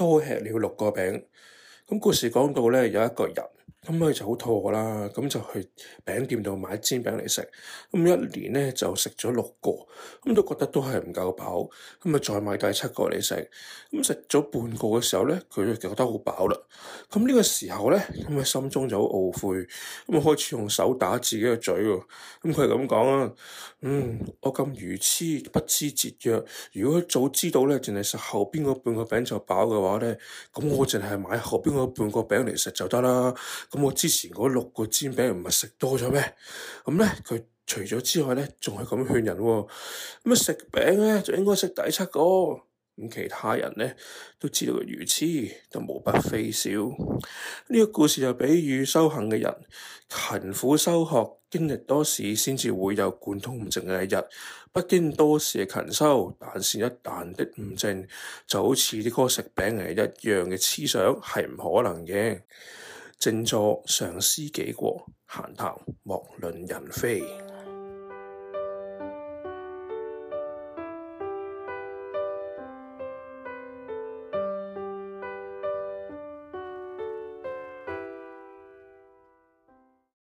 多吃了六個餅，咁故事講到咧，有一個人。咁咪就好肚餓啦，咁就去餅店度買煎餅嚟食。咁一年咧就食咗六個，咁都覺得都係唔夠飽。咁咪再買第七個嚟食。咁食咗半個嘅時候咧，佢就覺得好飽啦。咁呢個時候咧，咁咪心中就好懊悔。咁啊開始用手打自己嘅嘴喎。咁佢係咁講啦。嗯，我咁愚痴，不知節約。如果佢早知道咧，淨係食後邊嗰半個餅就飽嘅話咧，咁我淨係買後邊嗰半個餅嚟食就得啦。咁、嗯、我之前嗰六個煎餅唔係食多咗咩？咁、嗯、呢，佢除咗之外呢，仲係咁勸人喎、哦。咁、嗯、食餅呢，就應該食第七個、哦。咁、嗯、其他人呢，都知道佢如此都無不非笑。呢、這個故事就比喻修行嘅人勤苦修學，經歷多時先至會有貫通悟證嘅一日。不經多時嘅勤修，但是一旦的悟證就好似呢個食餅係一樣嘅思想，係唔可能嘅。靜坐常思己過，閒談莫論人非。